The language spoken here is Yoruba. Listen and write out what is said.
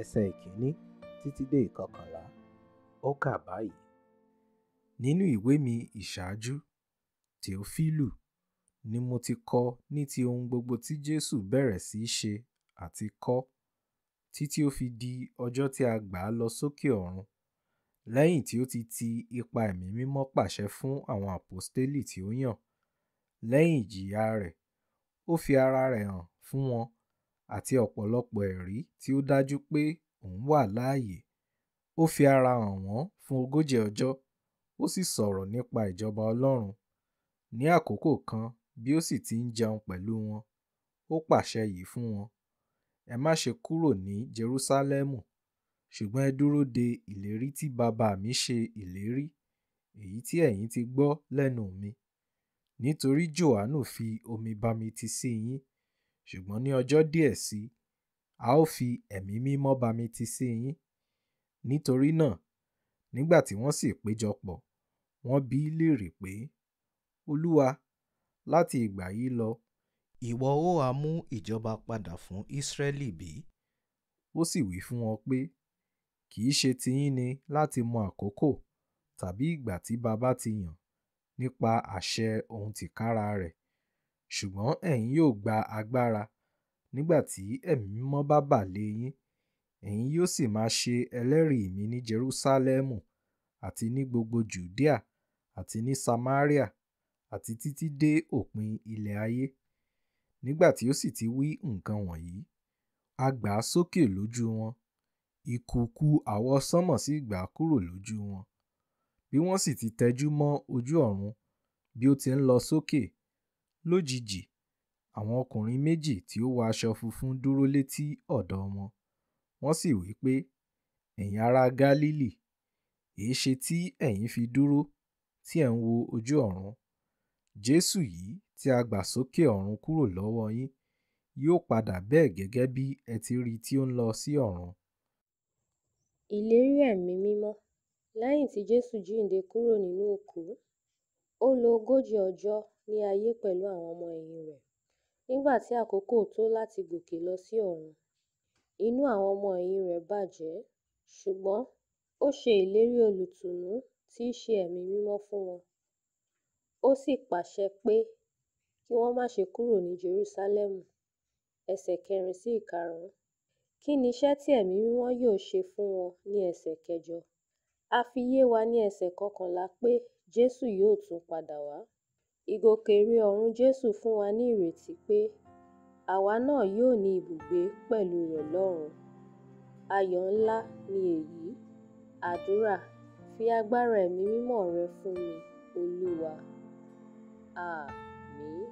ẹsẹ̀ ìkíní títí dé ìkọkànlá ó kà báyìí nínú ìwé mi ìṣáájú tèófílù ni mo ti kọ ní ti ohun gbogbo tí jésù bẹ̀rẹ̀ sí í ṣe àti kọ́ títí ó fi di ọjọ́ tí a gbà á lọ sókè ọ̀run lẹ́yìn tí ó ti ti ipa ẹ̀mí mímọ́ pàṣẹ fún àwọn àpọ́stélì tí ó yàn lẹ́yìn ìjìyà rẹ̀ ó fi ara rẹ̀ hàn fún wọn àti ọ̀pọ̀lọpọ̀ ẹ̀rí tí ó dájú pé òun wà láàyè. Ó fi ara hàn wọ́n fún ogójì ọjọ́, ó sì sọ̀rọ̀ nípa ìjọba Ọlọ́run. Ní àkókò kan bí ó sì ti ń jẹun pẹ̀lú wọn, ó pàṣẹ yìí fún wọn: “Ẹ má ṣe kúrò ní Jerúsálẹ́mù, ṣùgbọ́n ẹ dúró de ìlérí tí Baba mi ṣe ìlérí, èyí tí ẹ̀yin ti gbọ́ lẹ́nu mi. Nítorí Johanu fi omi bamitiisi yín, ṣùgbọ́n ní ọjọ́ díẹ̀ sí a ó fi ẹ̀mí mímọ́ bamiti sí yín nítorí náà nígbà tí wọ́n sì péjọpọ̀ wọ́n bi í léèrè pé olúwa láti ìgbà yìí lọ ìwọ ó wá mú ìjọba padà fún Ísírẹ́lì bí? ó sì wí fún wọn pé kì í ṣe tiyín ni láti mọ àkókò tàbí ìgbà tí baba ti yàn nípa àṣẹ òun tìkára rẹ̀ ṣùgbọ́n ẹ̀yin yóò gba agbára nígbà tí Ẹ̀mí Mímọ́ bá bà lé yín, ẹ̀yin yóò sì máa ṣe ẹlẹ́rìí mi ní Jerúsálẹ́mù àti ní gbogbo Jùdíà àti ní Samaria àti títí dé òpin ilẹ̀ ayé. Nígbà tí ó sì ti wí nǹkan wọ̀nyí, a gbà á sókè lójú wọn, ìkùùkuu àwọsánmọ̀ sì gbà á kúrò lójú wọn. Bí wọ́n sì ti tẹjú mọ́ ojú ọ̀run bí ó ti ń lọ sókè, lójijì àwọn ọkùnrin méjì tí ó wọ aṣọ funfun dúró létí ọ̀dọ̀ wọn wọ́n sì wí pé ẹ̀yin ará gálílì èéṣe tí ẹ̀yin fi dúró tí ẹ̀ ń wo ojú ọ̀run jésù yìí tí a gbà sókè ọ̀run kúrò lọ́wọ́ yín yóò padà bẹ́ẹ̀ gẹ́gẹ́ bí ẹ ti rí i tí ó ń lọ sí ọ̀run. ìlérí ẹ̀mí mímọ́ lẹ́yìn tí jésù jíǹde kúrò nínú òkú ó lo ogójì ọjọ́ ní ayé pẹ̀lú àwọn ọmọ ẹ̀yìn rẹ̀ nígbà tí àkókò tó láti gòkè lọ sí ọ̀run inú àwọn ọmọ ẹ̀yìn rẹ̀ bàjẹ́ ṣùgbọ́n ó ṣe ìlérí olùtùnú tí í ṣe ẹ̀mí mímọ́ fún wọn ó sì pàṣẹ pé kí wọ́n má ṣe kúrò ní jerúsálẹ́mù ẹsẹ̀ kẹrin sí ìkarùnún kí ni iṣẹ́ tí ẹ̀mí mímọ́ yóò ṣe fún wọn ní ẹsẹ̀ kẹjọ a fi yé wa ní ẹsẹ̀ kọkànlá pé jésù yóò tún padà wá ìgòkègbè ọrun jésù fún wa ní ìrètí pé àwa náà yóò ní ibùgbé pẹlú rẹ lọrun ayọ ńlá ni èyí àdúrà fi agbára ẹmí mímọ rẹ fún mi olúwa àmín